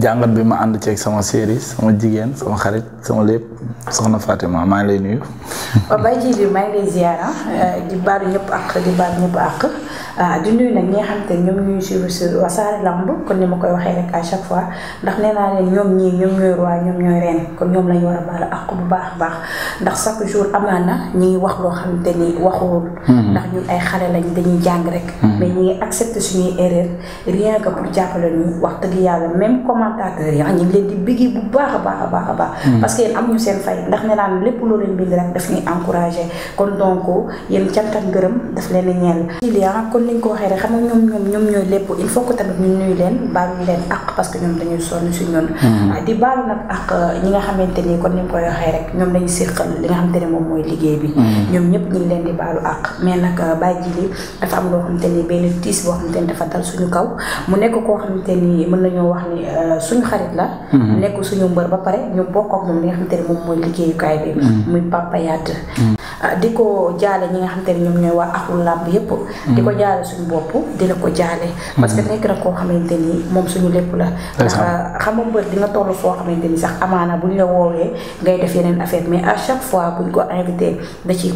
jàngat bi ma ànd ceeg sama série sama jigéen sama xarit sama lépp soxna Fatima maa ngi lay nuyu. Baye Djily maa ngi lay ziar di baal ñëpp àq di baal ñëpp àq. ah di nuyu nag ñi nga xam te ñoom ñuy suivre sur Wassare Lamb kon ni ma koy waxee rek à chaque fois ndax nee naa leen ñoom ñii ñoom ñooy roi ñoom ñooy reen kon ñoom lañu war a baal bu baax a baax ndax chaque jour amaan na wax loo xam te ni waxul mm-hmm. ndax ñu ay xale lañ dañuy jàng rek mm-hmm. mais ñi ngi accepté suñuy erreur rien que pour jàppale ñu wax dëgg yàlla même commentateur yi ah, ñu ngi leen di bigi bu baax a baax a baax a baax mm-hmm. parce que yéen seen fay ndax nee naa lépp loo leen bind rek daf ñuy encouragé kon donc yéen cantak ngërëm leen kon nañ ñu ko waxee rek xam nga ñoom ñoom ñoom ñooy lépp il faut que tamit ñu nuyu leen baalu leen àq parce que ñoom dañuy sonn si ñun. Hmm. Ah, di baalu nag àq ñi nga xamante ni kon ni ñu koy waxee rek ñoom dañuy séqal li nga xamante ne moom mooy liggéey bi. Hmm. ñoom ñëpp ñu leen di baalu àq mais nag euh, bàyyi ji li dafa am loo xamante ni benn tiis boo xamante ni dafa dal suñu kaw mu nekk koo xamante ni mën nañoo wax ni euh, suñu xarit la. Hmm. nekk suñu mbër ba pare ñu bokk ak moom li nga xamante ni moom mooy liggéeyukaay bi. muy Papa Yade. Ah, di ko jaale ñi nga xam te ne ñoom ñooy waa axul làmb yépp di ko mm. jaale suñu bopp di la ko jaale parce que mm. nekk na koo xamante ni moom suñu lépp la ndax ah, xam nga mbër dina toll foo xamante ni sax amaana buñ la woowee ngay def yeneen affaire mais à chaque fois buñ ko invité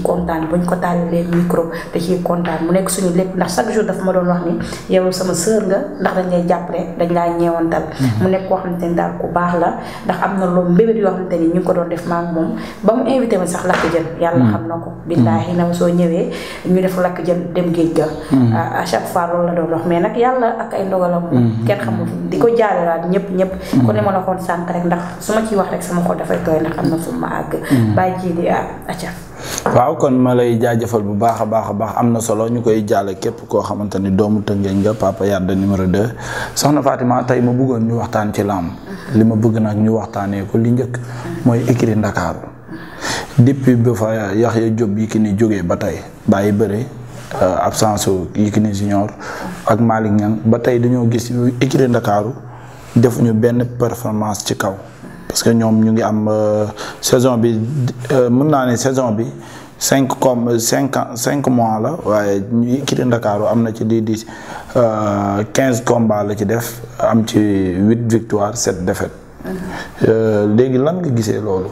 kontaan buñ ko tàllalee micro da ciy kontaan mu nekk suñu lépp ndax chaque jour dafa ma doon wax ni yow sama sœur nga ndax dañ lay jàppale dañ laa ñeewantal mm-hmm. mu nekk koo xamante ni daal ku baax la ndax am na loolu mbébét yoo xamante ni ñu ko doon def maak moom ba mu invité ma sax lakk jël yàlla mm. xam na ma ko. billaahi nam soo ñëwee ñu def lakk jën dem géej ga. Mm. à chaque fois loolu la doon wax mais nag yàlla ak ay ndogalam. Mm. kenn xamul ko jaaralaat ñëpp ñëpp. ku mm. ne rek ndax su ma ciy wax rek na fu ma àgg. bàyyi di acca. Ah, waaw kon ma lay jaajëfal bu baax a baax a baax am na solo ñu koy jaale képp koo xamante ni doomu tëngeeñ nga Papa Yade numéro 2 soxna Fatima tey ma bëggoon ñu waxtaan ci làmb li ma bëgg nag ñu waxtaanee ko li njëkk mooy écurie Ndakaaru depuis ba fa Yaxya Jóob Yékini jógee ba tey bàyyi bëre euh, absence su Yékini junior ak Malick ñan ba tey dañoo gis écurie Ndakaaru defuñu benn performance ci kaw parce que ñoom ñu ngi am euh, saison bi euh, mën naa ne saison bi cinq comme cinq cinq mois la waaye écurie Ndakaaru am na ci lii di quinze combats la ci def am ci huit victoires sept défaites mhm. léegi lan nga gisee loolu.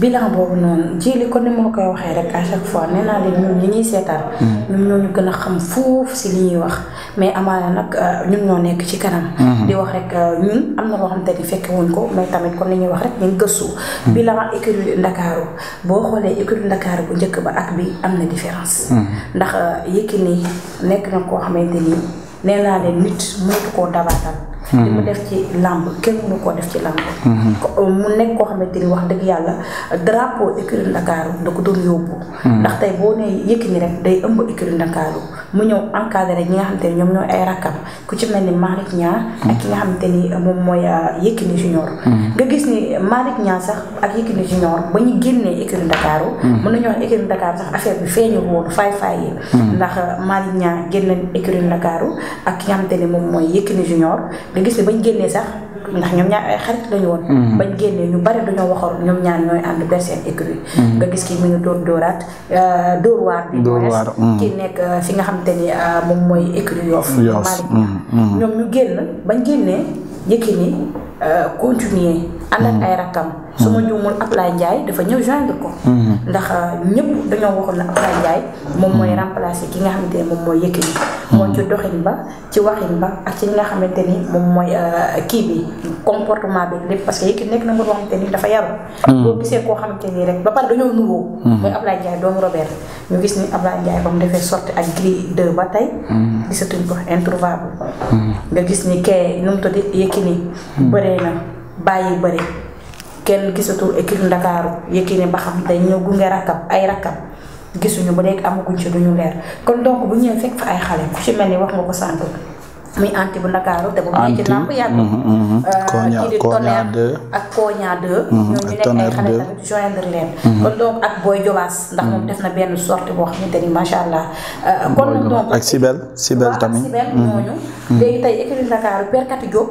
bilan boobu noonu jili kon ni ma koy waxee rek à chaque fois nee naa leen ñun ñu ñuy seetaan. Mm. ñun ñoo ñu gën a xam foofu si li ñuy wax mais amaana nag euh, ñun ñoo nekk ci kanam. Mm-hmm. di wax rek euh, ñun am na loo xamante ni fekke wuñ ko mais tamit kon li ñuy wax rek ñu gëstu. Mm. bilan écurie Ndakaaru boo xoolee écurie Ndakaaru bu njëkk ba ak bi am na différence. Mm-hmm. ndax euh, Yékini nekk na koo xamante ni nee naa leen nit mënatu koo dabaatal. mu mhm. def ci làmb kenn mënu koo def ci làmb mhm. euh, mu nekk koo xamante ni wax dëgg yàlla drapeau écurie Ndakaaru da ko doon yóbbu mhm. ndax tey boo nee Yékini rek day ëmb écurie Ndakaaru mu ñëw encadré ñi nga xamante ni ñoom ñooy ay rakkam ku ci mel ni Malick Niang ki nga xamante ni euh, moom mooy euh, Yékini Junior nga gis ni Malick Niang sax ak Yékini Junior ba ñu génnee écurie Ndakaaru mën nañu wax écurie Ndakaaru sax affaire bi feeñu woon faay faay yi ndax Malick Niang génn écurie Ndakaaru ak ki nga xamante ni moom mooy Yékini Junior nga gis ne bañ génnee sax ndax ñoom ñaar ay xarit lañu woon. Mm-hmm. bañ génnee ñu bari dañoo waxoon ñoom ñaar ñooy am per seen écurie. Mm-hmm. nga gis ki mi ngi doon dóoraat euh, dóor waar. dóor waar mm-hmm. ki nekk euh, fi nga xamante ni euh, moom mooy écurie Yoff. Malick ñoom ñu génn bañ génnee Yékini continuer ànd ak ay rakkam. su ma juumul Ablaye njaay dafa ñëw joindre ko. ndax ñëpp dañoo waxoon ne Ablaye Ndiaye moom mooy remplacer ki nga xamante ne moom mooy Yékini. mooy ci doxin ba ci waxin ba ak ci li nga xamante ni moom mooy euh, kii bi comportement bi lépp parce que Yékini nekk na nga loo xamante ni dafa yaru hmm. boo gisee koo xamante ni rek ba pare dañoo nuroo hmm. mooy Ablaye Ndiaye doomu Robert ñu gis ni Ablaye Ndiaye ba mu defee sorti ak Gris ba tey hmm. gisatuñ ko introuvable nga gis ni kee nu mu tudd Yékini bëree na bàyyi bëri kenn gisatu équipe Ndakaaru Yékini ba xam dañ ñëw gunge rakkam ay rakkam gisuñu ba léegi amaguñ ci duñu leer kon donc bu ñëwee fekk fa ay xale ku ci mel ni wax nga ko sànq muy anti bu Ndakaaru te bu mu ci làmb yàgg mhm, mhm. Euh, kii di ak Koña 2 mhm, ñoom ñu nekk ay xale tamit joindre leen kon donc ak Boy Jobaas ndax moom def na benn sorte boo xamante ni macha allah euh, kon donc ak Sibel Sibel tamit Sibel ñooñu léegi tey Ndakaaru perkati Diop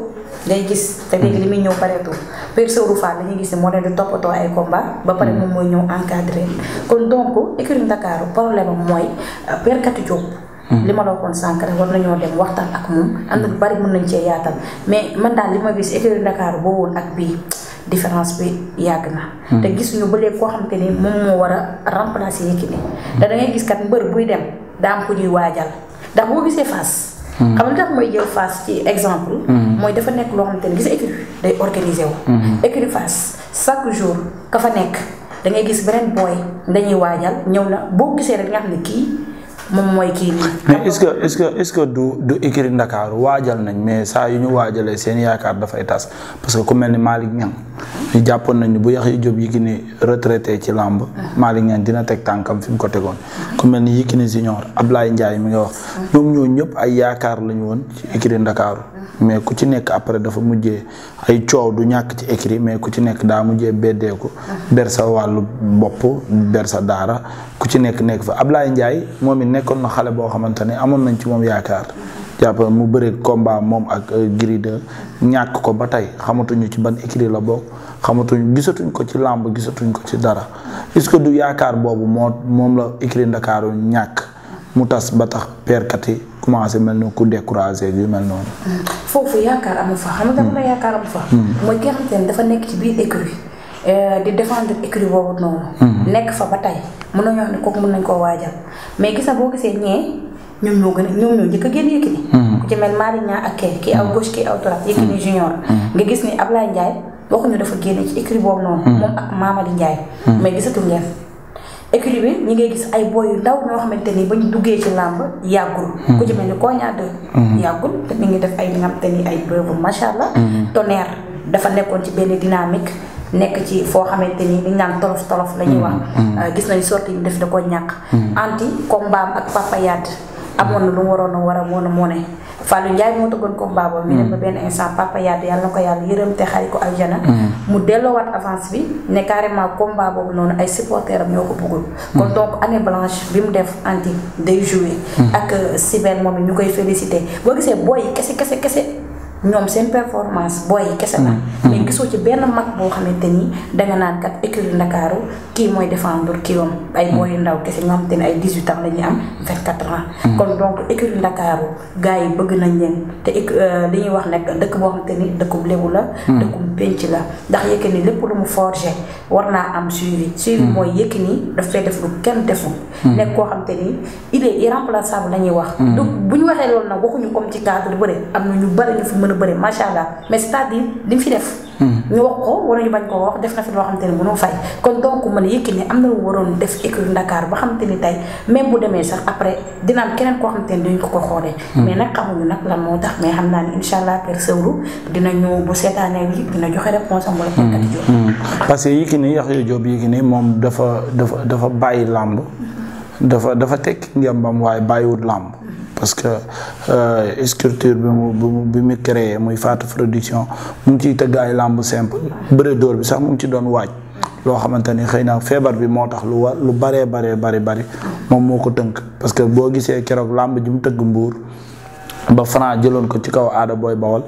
day gis te léegi li muy ñëw pareetu Père Sourou Fall dañuy gis ne moo leen di toppatoo ay combat ba pare moom mooy ñëw encadré kon donc écurie Ndakaaru problème mooy euh, perkati Diop li ma la waxoon sànq rek war nañoo dem waxtaan ak moom am na lu bari mën nañ cee yaatal mais man daal li ma gis écurie Ndakaaru boo woon ak bii différence bi yàgg na. Hmm. te gisuñu ba léegi koo xamante ni war a remplacer Yékini hmm. da ngay gis kat mbër buy dem daa ku ñuy waajal ndax boo gisee Fass. Hmm. xam mooy jël Fass ci exemple. mooy dafa nekk loo xamante ni gis day organiser wu. écurie Fass jour ka fa nekk da ngay gis beneen booy dañuy waajal ñëw na boo gisee rek xam ne kii. moom mooy kii mais est-ce que est-ce que est-ce que du du écurie Ndakaaru waajal nañ mais saa yu ñu waajalee seen yaakaar dafay tas parce que ku mel ni Malick Niang ñu jàppoon nañ bu Yaxya Jóob Yékini retraité ci làmb Malick Niang dina teg tànkam fi mu ko tegoon ku mel ni Yékini Junior Ablaye Ndiaye mi nga wax ñoom ñoo ñëpp ay yaakaar lañu woon ci écurie Ndakaaru mais ku ci nekk après dafa mujjee ay coow du ñàkk ci écrit mais ku ci nekk daa mujjee beddeeku ber sa wàllu bopp bersa daara ku ci nekk nekk fa Ablaye Ndiaye moom it nekkoon na xale boo xamante ne amoon nañ ci moom yaakaar jàpp mu bëre combat moom ak euh, Gris ñàkk ko ba tey xamatuñu ci ban écrit la bokk xamatuñu gisatuñ ko ci làmb gisatuñ ko ci dara est-ce que du yaakaar boobu moo moom la écrit Ndakaaru ñàkk mu tas ba tax peerkat yi commencé mel ni ku découragé yu mel noonu. foofu yaakaar amu fa xam nga dama la yaakaar amu fa. Hmm. mooy ki nga xamante dafa nekk ci biir écurie eh, di défendre écurie boobu noonu. Hmm. nekk fa ba tey mën nañoo wax ne kooku mën nañ koo waajal mais gis boo gisee ñee ñoom ñoo gën a ñoom ñoo njëkk a génn Yékini. Hmm. ku ci mel Malick Niang ak kii ki aw gauche kii aw droite Yékini junior. nga gis ni Ablaye Ndiaye waxuñu dafa génn ci écurie boobu noonu. moom ak Mamady écurie bi ñi ngay gis ay boy yu ndaw ñoo xamante ni ba ñu duggee ci làmb yàggul. Hmm. ku ci mel ni Konia 2. Hmm. yàggul te mi ngi def ay li nga xamante ni ay preuve macha allah. Hmm. tonnerre dafa nekkoon ci benn dynamique. nekk ci foo xamante ni liñ naan tolof tolof la ñuy wax. Euh, gis nañu sorti yi def da ko ñàkk. anti combat am ak Papa amoon na lu mu waroon a war a mën a Fallou Ndiaye moo tëggoon combat boobu. mu ne ba benn instant papa Yade yàlla na ko yàlla yërëm te xari ko aljana. Mm. mu delloowaat avance bi ne carrément combat boobu noonu ay supporters am ko bëggul. Mm. kon donc année blanche bi mu def anti day joué. Mm. ak Sibène moom it ñu koy félicité boo gisee booy kese kese kese. ñoom seen performance booy yi kese la. Mm-hmm. mais gisoo ci benn mag boo xamante ni danga naan kat Ndakaaru kii mooy défendre kii am mm-hmm. ay booy ndaw kese ñoo xamante ni ay dix huit la ñuy am vingt quatre ans. Mm-hmm. kon yi bëgg nañ leen te li euh, ñuy wax nag dëkk boo xamante ni dëkkub lebu la. dëkkub penc la ndax Yékini lépp lu mu forgé war naa am suivi. suivi mooy Yékini daf fay def lu kenn deful. nekk koo xamante ni il est irremplaçable la ñuy wax. donc bu ñu waxee loolu nag waxuñu comme ci cadre bëre am na ñu bari lu bëri macha allah mais c'est-à-dire li mu fi def. Hmm. ñu wax ko wala ñu bañ koo wax def na fi loo xamante ne mënoo fay kon donc man Yékini am na lu waroon def écurie Ndakaar ba xamante ni tey même bu demee sax après dina am keneen koo xamante ne dañu ko ko xoolee. Hmm. mais nag xamuñu nag lan moo tax mais xam naa ni incha allah per sewlu dina ñëw bu seetaanee lii dina joxe réponse hmm. que Yékini Yaxya moom dafa dafa dafa bàyyi làmb. dafa dafa tekki ngembam waaye bàyyiwut làmb. parce que euh, structure bi mu bi mu créé muy Fatou production mu ngi ciy tëgg ay làmb simple bëre dóor bi sax mu ngi ci doon waaj loo xamante ni xëy na feebar bi moo tax lu war lu baree baree bari bari moom moo ko tënk parce que boo gisee keroog làmb ji mu tëgg mbuur ba Franc jëloon ko ci kaw aada booy bawal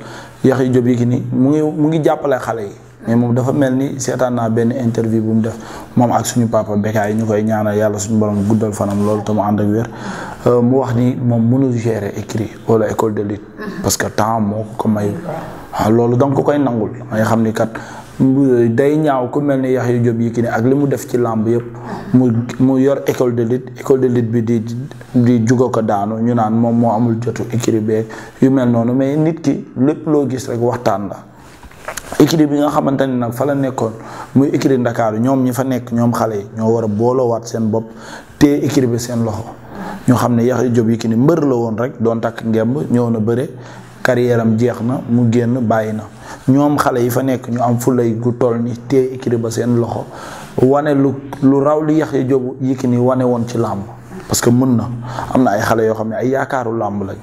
yax job yi ki ni mu ngi mu ngi jàppale xale yi mais moom dafa mel ni seetaan naa benn interview bu mu def moom ak suñu papa Bécaye ñu koy ñaanal yàlla suñu borom guddal fanam loolu te mu ànd ak wér euh, mu wax ni moom mënul gérer écrit wala école de lutte mm-hmm. parce que temps moo ko ko mayul ah, loolu danga koy nangul nga xam ni day ñaaw ku mel ni yax yu job yi ki ak li mu def ci làmb yëpp mm-hmm. mu mu yor école de lutte école de lutte bi di di juga ko daanu ñu naan moom moo amul jotu écrit beeg yu mel noonu mais nit ki lépp loo gis rek waxtaan la écurie bi nga xamante ne nag fa la nekkoon muy écurie Ndakaaru ñoom ñi fa nekk ñoom xale yi ñoo war a booloowaat seen bopp te écurie bi seen loxo ñoo xam ne Yaxya Jóob Yékini mbër la woon rek doon takk ngemb ñëw na bëre carrière jeex na mu génn bàyyi na ñoom xale yi fa nekk ñu am fulay gu toll ni te écurie ba seen loxo wane lu lu raw li Yaxya Jóob ni wane woon ci làmb parce que mën na am na ay xale yoo xam ne ay yaakaaru làmb lañ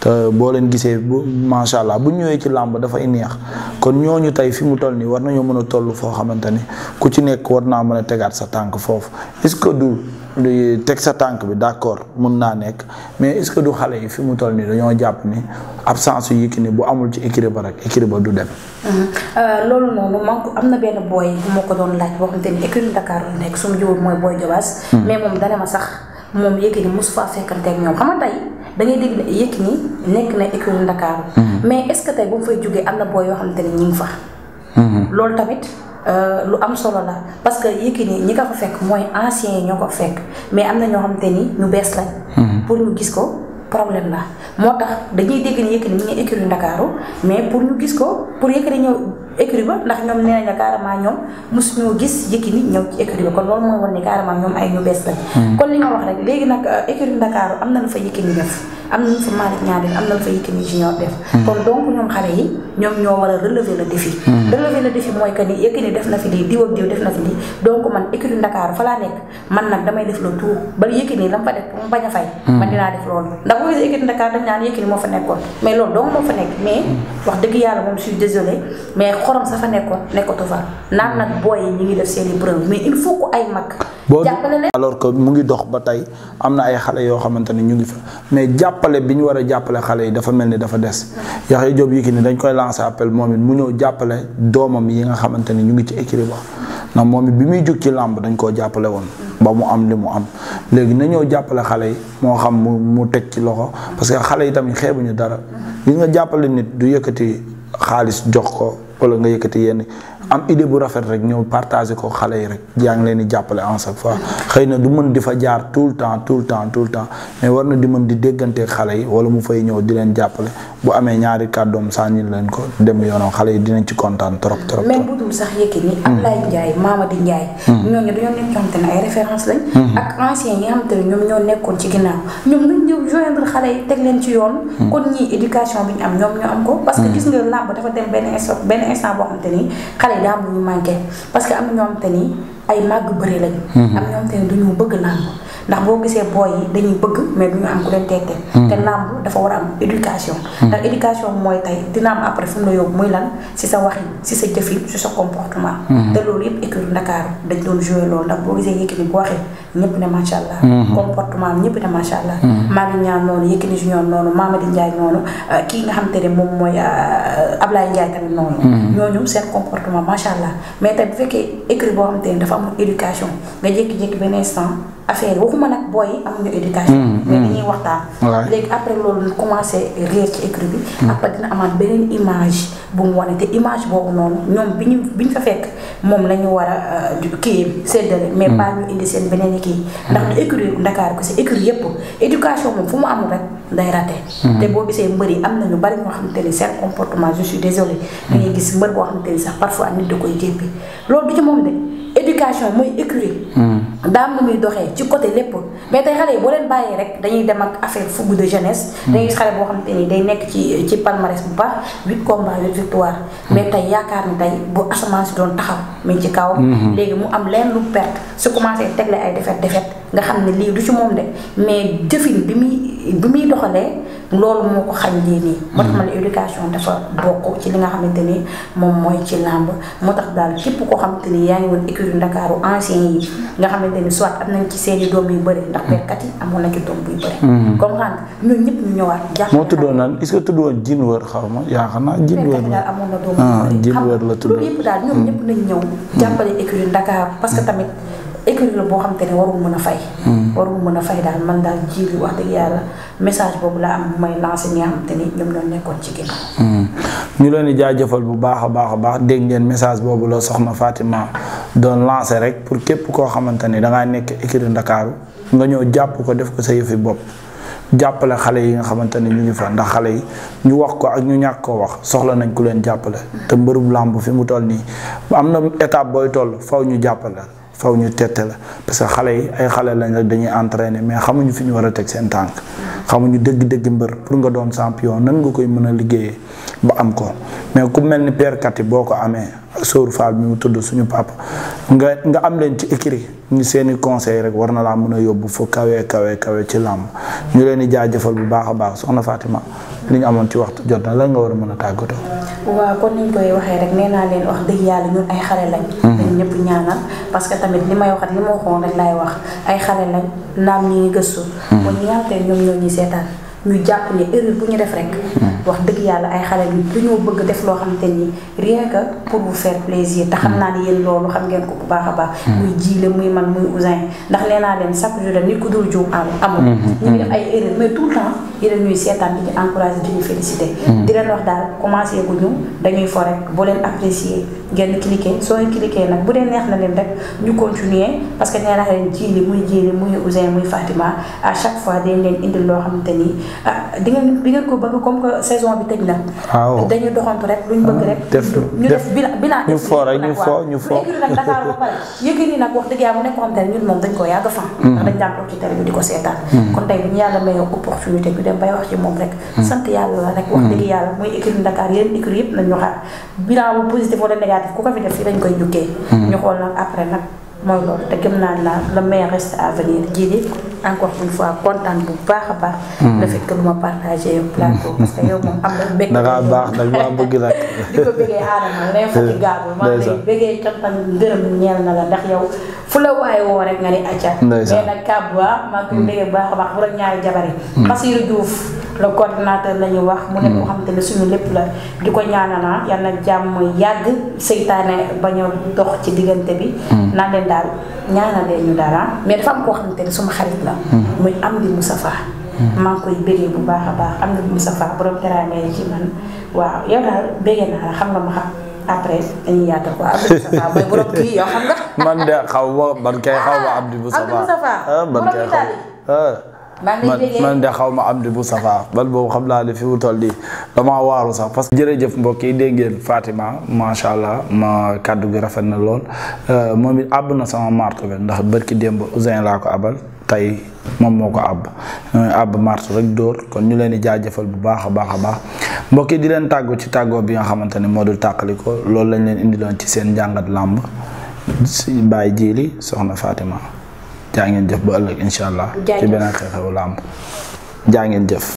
te boo leen gisee bu macha allah bu ñëwee ci làmb dafay neex kon ñooñu tey fi mu toll nii war nañoo mën a toll foo xamante ni ku ci nekk war naa mën a tegaat sa tànk foofu est que du du teg sa tànk bi d'accord mun naa nekk mais est-ce que du xale yi fi mu toll nii dañoo jàpp ni absence yu Yékini bu amul ci écurie ba rek écurie ba du dem. Euh, loolu noonu man am na benn booy bu ko doon laaj boo xamante ni écurie Dakar la nekk su ma jiwoon mooy booy Jobaas. Mmh. mais moom dana da ngay dégg ne Yékini nekk na écurie Ndakaaru mhm. mais est-ce que tey bu mu fay jógee am na boo yoo xamante ne ñu ngi fa. Mhm. loolu tamit euh, lu am solo la parce que Yékini ñi ko fa fekk mooy anciens yi ñoo ko fekk mais am na ñoo xamante ni ñu bees lañ. Mhm. pour ñu gis ko. problème la moo tax dañuy dégg ni Yékini mi ngi écurie Ndakaaru mais pour ñu gis ko pour Yékini ñëw écurie ba ndax ñoom nee nañu carrément ñoom mosuñoo gis Yékini ñëw na lu hmm. euh, fa Yékini def am na lu na lu fa Yékini Junior def. Hmm. kon donc yi ñoom ñoo a relever le défi. Hmm. relever le défi mooy que ni Yékini def na fi lii diw ak diw def na fi lii man écurie Ndakaaru fa laa nekk man nag damay def le tout ba fa def a fay. man dinaa def loolu moo fa nekkoon mais loolu donc moo fa nekk mais wax dëgg yàlla moom je désolé xorom sa fa nekkoon nekkatu fa naan nag booy yi mu ngi dox ba tey am na ay xale yoo xamante ne ñu ngi fa mais jàppale bi ñu war a jàppale xale yi dafa mel ni dafa des. Yaxya Jóob Yékini dañ koy lancer appel moom it mu ñëw jàppale doomam yi nga xamante ne ñu ngi ci écurie ba ndax moom it bi muy jóg ci làmb dañ koo jàppale woon. ba mu am li mu am léegi nañoo jàppale xale yi moo xam mu mu teg ci loxo parce que xale yi tamit xeebuñu dara gis nga jàppale nit du yëkkati xaalis jox ko wala nga yëkkati yenn am idée bu rafet rek ñëw partager ko xale yi rek yaa ngi leen di jàppale en chaque fois xëy na du mën di fa jaar tout le temps tout le temps tout le temps mais war na di mën di déggante xale yi wala mu fay ñëw di leen jàppale bu amee ñaari kàddoom sànni leen ko dem yoonam xale yi dinañ ci kontaan trop trop. même bu dul sax Yékini. Ablaye mm. Ndiaye Mamady Ndiaye. Mm. ñooñu dañoo nekk ñoo xamante ne ay référence lañ. Mm-hmm. ñoom ñoo nekkoon ci ginnaaw ñoom teg leen ci yoon. Mm. kon ñii bi ñu am ñoom ñoo am ko. parce gis nga làmb dafa dem benn instant benn instant boo xamante xale yi daa lu ñu manqué parce que am na ñoo te ni ay màgg bëri lañ. Mm-hmm. am ñoo xamante ni duñu bëgg làmb ndax boo gisee booy yi dañuy bëgg mais du ñu am ku leen tekkee hmm. te làmb dafa war a am éducation hmm. ndax éducation mooy tey dina am après fu mu la yóbbu muy lan si sa waxin si sa jëfin si sa comportement hmm. te loolu yëpp écurie Ndakaaru dañ doon joué loolu ndax boo gisee Yékini bu waxee ñëpp ne macha allah comportement ñëpp ne macha allah maa ngi ñaan noonu Yékini Junior noonu Mamadi Ndiaye noonu euh, kii nga xam te ne moom mooy euh, Ablaye Ndiaye tamit noonu ñooñu seen comportement macha allah mais tey bu fekkee écurie boo xam te ne affaire waxuma nag booy amuñu éducation. Mm, mm. mais dañuy waxtaan. léegi après loolu commencé réer ci écrit bi. Mm. après dina amaat beneen image bu mu wane te image boobu noonu ñoom bi ñu fa fekk moom la ñu war a euh, kii séddale. mais pas ñu indi seen beneen kii. ndax du écrit Dakar ko si yëpp éducation moom mu amul rek day raté. te boo gisee mbër yi am na ñu bari ñoo xamante ni seen comportement je suis désolé. da ngay gis mbër boo xamante ni sax parfois nit da koy jéppi loolu du ci moom de éducation mooy écrit. daam na muy doxee. ci côté lépp mais tey xale yi boo leen bàyyee rek dañuy dem ak affaire fougue de jeunesse. Hmm. dañuy gis xale boo xamante ni day nekk ci ci palmarès bu baax huit combats huit victoire. Hmm. mais tey yaakaar ni tey bu asamaan si doon taxaw mi ci kaw. Hmm. léegi mu am leen lu perte su commencé tegle ay defet defet nga xam ne lii du ci moom de mais jëfin bi muy bi muy doxalee. loolu moo ko xañ lii nii. moo tax hmm. ma ne éducation dafa bokk ci li nga xamante ni moom mooy ci làmb moo tax daal képp koo xamante ni yaa ngi woon écurie Ndakaaru ancien yi nga xamante ni soit am nañ ci seeni doom yu bëri ndax perkat hmm. yi amoon na ci doom buy bëri. Hmm. comme xam nga ñun ñëpp ñu ñëwaat. jaaxle moo tuddoon naan est-ce que tuddoon xaw ma yaakaar naa jin wër la amoon na doom yu bëri. Ah, jin wër la tuddoon ñëw jàppale écurie Ndakaaru parce que tamit. écurie la boo xam te ne warul mën a fay. Hmm. warul mën a fay daal man daal ji li wax dëgg yàlla message boobu laa am may lancé hmm. leen di jaajëfal bu baax a baax a baax dégg ngeen message boobu la soxna Fatima doon lancé rek pour képp koo xamante ni dangaa nekk écurie Ndakaaru nga ñëw jàpp ko def ko bopp. jàppale xale yi nga xamante ni ñu ngi ndax xale yi ñu wax ko ak ñu ñàkk ko wax soxla nañ ku leen jàppale te mbërum làmb fi mu toll nii am na étape booy toll faw ñu jàppale faw ñu tette la parce que xale yi ay xale lañ rek dañuy entraîner mais xamuñu fi ñu war a teg seen tànk xamuñu dëgg-dëgg mbër pour nga doon champion nan nga koy mën a liggéeyee ba am ko mais ku mel ni Père Kati boo ko amee ak Sour Fall tudd suñu papa nga nga am leen ci écrit ñu seeni conseil rek war na laa mën a yóbbu fu kawe kawe kawe ci làmb ñu leen di jaajëfal bu baax a baax soxna Fatima li ñu amoon ci waxtu jot na lan nga war a mën a tàggatoo. waaw kon ni koy waxee rek nee leen wax dëgg yàlla ñun ay xale lañ. Hmm. leen ñëpp ñaanal parce que tamit li may waxat li moo waxoon rek laay wax ay xale lañ naam ñi ngi gëstu. Hmm. kon ñaata ñoom ñoo ñuy seetaan. ñu jàpp ne erreur bu ñu def rek. Hmm. wax dëgg yàlla ay xale bi duñoo bëgg def loo xamante ni rien que pour vous faire plaisir. te xam hmm. naa ne yéen loolu xam ngeen ko bu baax a baax. Hmm. muy jiile muy man muy Ousin ndax nee naa leen chaque jour nit ku dul juum amul. ñu ngi def ay erreur mais tout le temps yéen ñuy di ñu wax daal commencé gu ñu dañuy fo rek leen apprécier ngeen cliqué soo cliqué nag bu dee neex na leen rek ñu continuer parce que nee naa leen jiile muy jiile muy Ousin muy Fatima à chaque fois de leen indil loo xamante ni. ah di ngeen di ngeen ko bëgg comme que saison bi tëj na. waaw dañuy doxantu rek luñ bëgg rek. def ñu def bilan bilan. ñu fo rek ñu fo ñu fo yëkkati nag Dakar nag wax dëgg yàlla mu nekk xam te ne ñun ko yàgg hmm. di ko seetaan. Hmm. kon tey bu ñu yàlla mayoo opportunité ñu dem hmm. yàlla la rek. wax dëgg yëpp nañ ñu xaar bu positif wala négatif ku ko fi def fii dañ koy jukkee. ñu xool nag après nag mooy loolu te gëm naa la le meilleur reste à venir encore une fois kontaan bu baax a baax. le fait que lu ma partagé yow plateau. parce que yow moom am na mbégte. da ngaa baax nag maa bëgg nag. di ko bëggee aadama l'infatigable. maa ngi lay bëggee cottan gërëm na la ndax yow fu la rek nga ni acca. ndeysaan mais nag kàbb ah, maa koy mm. bëggee bu baax a baax bu la ñaari jabar yi. Mm. Bassirou le coordinateur la wax. mu nekk koo hmm. xamante ne suñu lépp la di ko ñaanal ah, yal na jàmm yàgg seytaane bañ a dox ci diggante bi. Hmm. naan leen daal ñaanalee ñu dara ah. mais dafa am koo xamante ne suma xarit la. Hmm. muy Amdi Moustapha. maa ngi koy bégee bu baax a baax Amdi Moustapha borom teraanga naa la xam nga ma xam. après dañuy yaatal quoi Abdou Moustapha mooy man de xaw ma man kay xaw ma Abdou Moustapha. Abdou ah, man kay xaw ma. man de xaw ma am di bu safa bal boobu xam naa ne fi mu toll nii damaa waaru sax parce que jërëjëf mbokk yi dégg ngeen Fatima macha allah ma kàddu gi rafet na lool euh, moom it àbb na sama marto bi ndax bërki démb Ousin laa ko abal tey moom moo ko àbb euh, àbb marto rek dóor kon ñu leen di jëfal bu baax a baax a baax mbokki di leen tàggu ci tàggoo bi nga xamante ne moo dul tàqaliko loolu lañ leen indiloon ci seen njàngat làmb bàyyi jiili soxna Fatima jaa ngeen jëf ba ëllëg incha allah. ci beneen xew-xewu làmb jaa ngeen jëf.